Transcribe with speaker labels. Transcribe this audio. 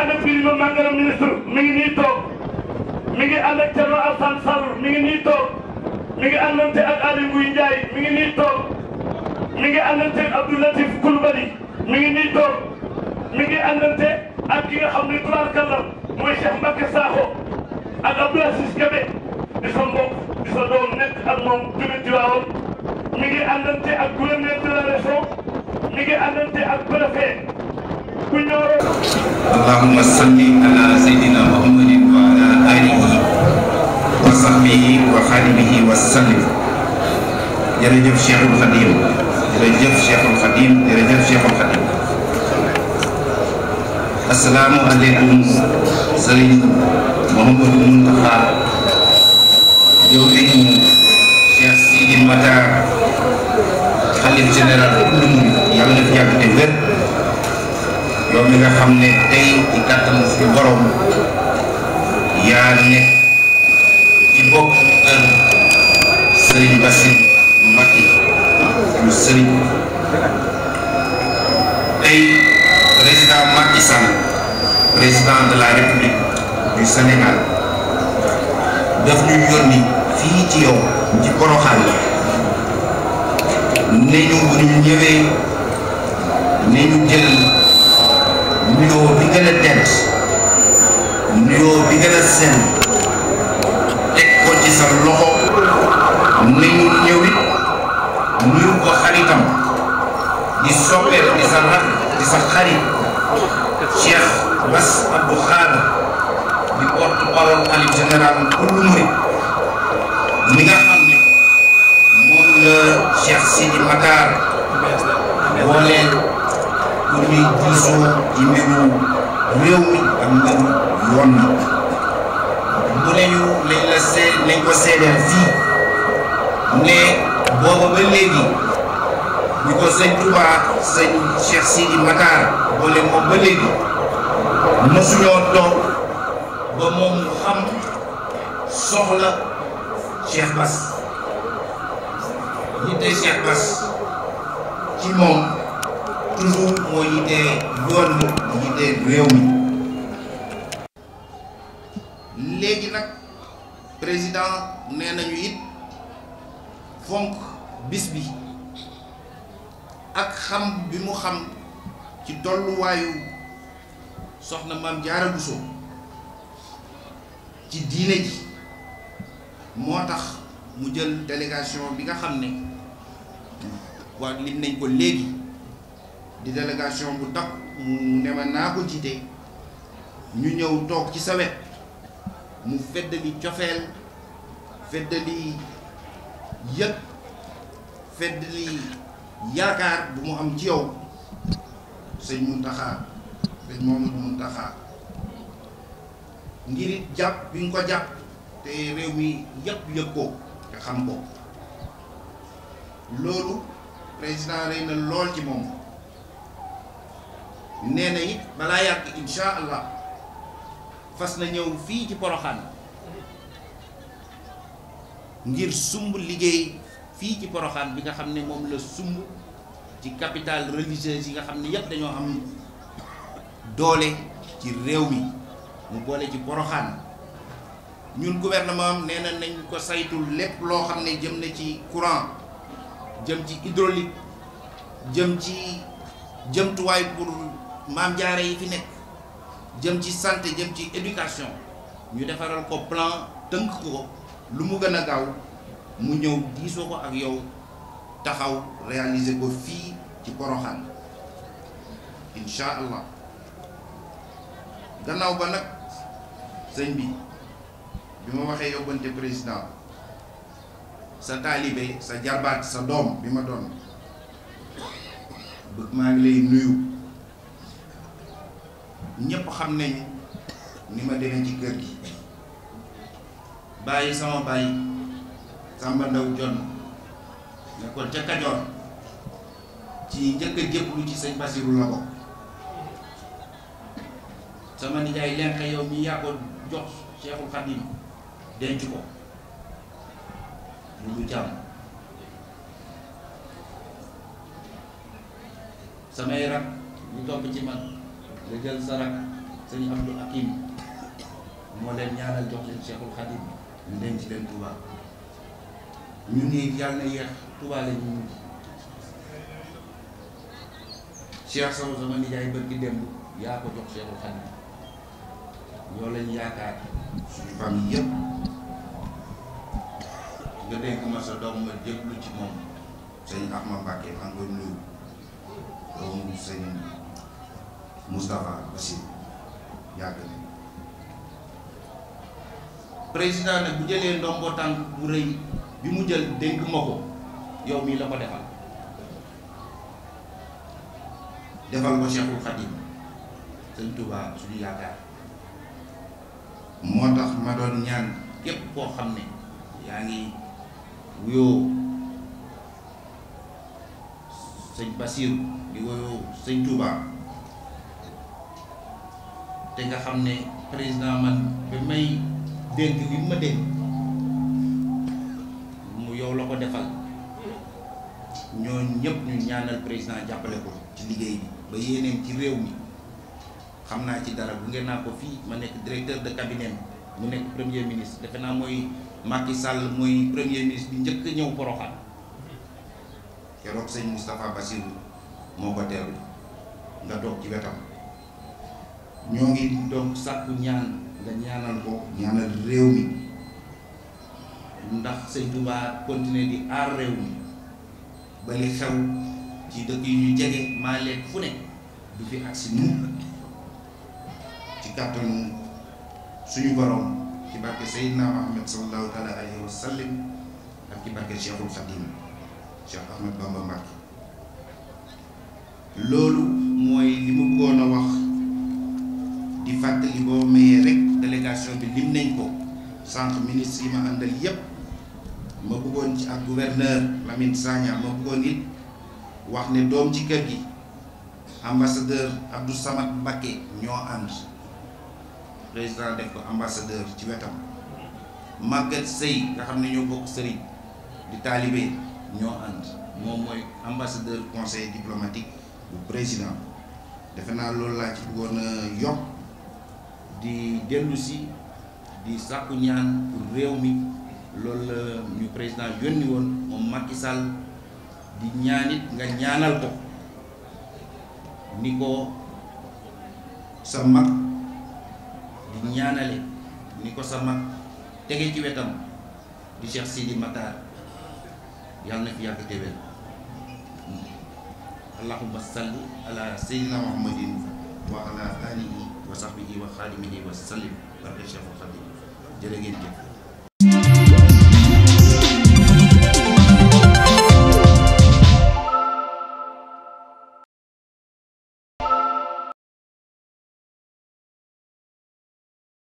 Speaker 1: mi ngi nii toog mi ngi ànd ak Thierno mi ngi nii toog mi ngi àndante ak Aly mi ngi nii toog mi ngi àndante ak Abdou mi ngi nii toog mi ngi àndante ak ki nga xam ne tubaarkalla mooy Cheikh Mbacke Sakho ak Abdou Aziz Kébé di sa di sa doom ak moom jugee Tivaouane mi ngi àndante ak gouverneur de la région mi ngi àndante ak préfet. اللهم صل على سيدنا محمد وعلى آله وصحبه وخادمه وسلم jërëjëf Cheikhul Khadim jërëjëf Cheikhul Khadim jërëjëf Cheikhul Khadim asalaamualeykum Serigne Mouhamadou Mountakha yow dañu Cheikh Sidi Matar xalif général bu dund yàlla na fi yàgg te wér yow nga xam ne tey ci kàttanu si borom yaa nekk ci bokk kër Serigne Bassirou Mbacké lu Serigne tey président Macky Sall président de la République du Sénégal daf ñu yónni fii ci yow ci Porokhane ne ñu bu ñu ñëwee ne ñu jël. nuyoo bi gën a dent nuyoo bi gën a seen teg ko ci sa loxo ni mu ñëwit nuyu ko xaritam di soppeer di sa rak di sa xarit Cheikh Bass Abdou Khadre di porte parole xalif général pour lu murit mi nga xam ne moom la Cheikh Sidi Matar woo leen bu diisoo ci mbiru réew mi ak mbiru yoon na bu ne ñu lañ la see lañ ko seedeel fii ne booba ba léegi ñu ko sëñ Touba sëñ Cheikh Sidi Matar boole moom ba léegi mosuñoo toog ba moom mu xam soxla Cheikh Bass yitte Cheikh Bass ci moom. toujours moo yitee léegi nag président nee nañu it fonk bis bi ak xam bi mu xam ci tolluwaayu soxna maam Jaara ci diine ji moo tax mu jël délégation bi nga xam ne waa lim nañ ko léegi di délégation bu takk mu ne ma naa ko jiite ñu ñëw toog ci sa wet mu feddali cofeel feddali yëg feddali yakar bu mu am ci yow sëñ Muntaxa sëñ Mouhamadou Muntaxa ngir it jàpp bi nga ko jàpp te réew mi yëpp yëg ko xam ko loolu président rey na lool ci moom nee na it balaa yàgg insha allah fas na ñëw fii ci poroxaan ngir sumb liggéey fii ci poroxaan bi nga xam ne moom la sumb ci capital religieuse yi nga xam ne yépp dañoo am doole ci réew mi mu boole ci poroxaan ñun gouvernement am nee nañ ko saytu lépp loo xam ne jëm na ci courant jëm ci hydraulique jëm ci jëmtuwaay pour maam jaare yi fi nekk jëm ci santé jëm ci éducation ñu defaral ko plan tënk ko lu mu gën a gaaw mu ñëw diisoo ko ak yow taxaw réaliser ko fii ci Porokhane incha allah gannaaw ba nag sëñ bi bi ma waxee yóbbante président sa taalibe sa jarbaat sa doom bi ma doon bëgg maa ngi lay nuyu ñëpp xam nañu ni ma demee ci kër gi bàyyi sama bàyyi Samba Ndaw Jonn nekkoon ca Kajoor ci jëkk a jébbalu ci sëñ Basiru la bokk sama nijaay lenq yow mi yaa ko jox Cheikhul Khadim denc ko mu lu jàmm samay rab ñu topp ci man nga jël sa rak sëñ Abdou moo leen ñaanal jox leen Cheikhul Khadim ñu leen ci leen Touba ñu nii yàlla na yéex Touba ñu mujj Cheikh sama sama nijaay bët gi démb yaa ko jox Cheikhul Khadim ñoo lañ yaakaar suñu famille yëpp nga dénk ma sa doom ma jéglu ci moom sëñ Ahmad Mbacke maa ngi koy nuyu Mustafa Basir yàgg na président nag bu jëlee ndombo tànk bu rëy bi mu jël dénk ma ko yow mii la ko defal defal ko Cheikhul Khadim sëñ Touba suñu yaakaar moo ma doon ñaan képp koo xam ne yaa ngi wuyoo di wuyoo sëñ Touba te nga xam ne président man bi may dénk bi ma dénk mu yow la ko defal ñoo ñëpp ñu ñaanal président jàppale ko ci liggéey bi ba yéeneem ci réew mi xam naa ci dara bu ngeen naa ko fii ma nekk directeur de cabinet mu nekk premier ministre defe naa mooy Macky Sall mooy premier ministre bi njëkk ñëw Porokhane keroog sëñ Moustapha Bassirou moo ko teeru nga toog ci wetam ñoo ngi donc sàkku ñaan nga ñaanal ko ñaanal réew mi ndax sëñ Touba continuer di aar réew mi ba xew ci dëkk yi ñu jege maa leen fu ne du fi agsi nun ci kàttanu suñu borom ci barke Seydina Muhammad sallallahu taala alayhi wa sallam ak ci barke Cheikhul Khadim Cheikh Ahmed Bamba Mbacke loolu mooy boo mayee rek délégation bi lim nañ ko sànq ministre yi ma àndal yépp ma bëggoon ci ak gouverneur Lamine Sagna ma bëggoon it wax ne doom ci kër gi ambassadeur Abdou Samad Mbacké ñoo ànd président def ko ambassadeur ci wetam Maguette Sey nga xam ne ñoo bokk sëriñ di taalibe ñoo ànd moom mooy ambassadeur conseil diplomatique bu président defe naa loolu laa ci bëggoon a euh, yokk di dellusi di sàkku ñaan pour réew mi loolu la ñu président yónni woon moom Macky Sall di ñaanit nga ñaanal ko ni ko sa mag di ñaanale ni ko sa mag tege ci wetam di Cheikh Sidi yàlla na fi yàgg te wér allahumma salli ala sayyidina muhammadin wa ala alihi وصحبه وخادمه وسلم بارك الله فيك جل جلاله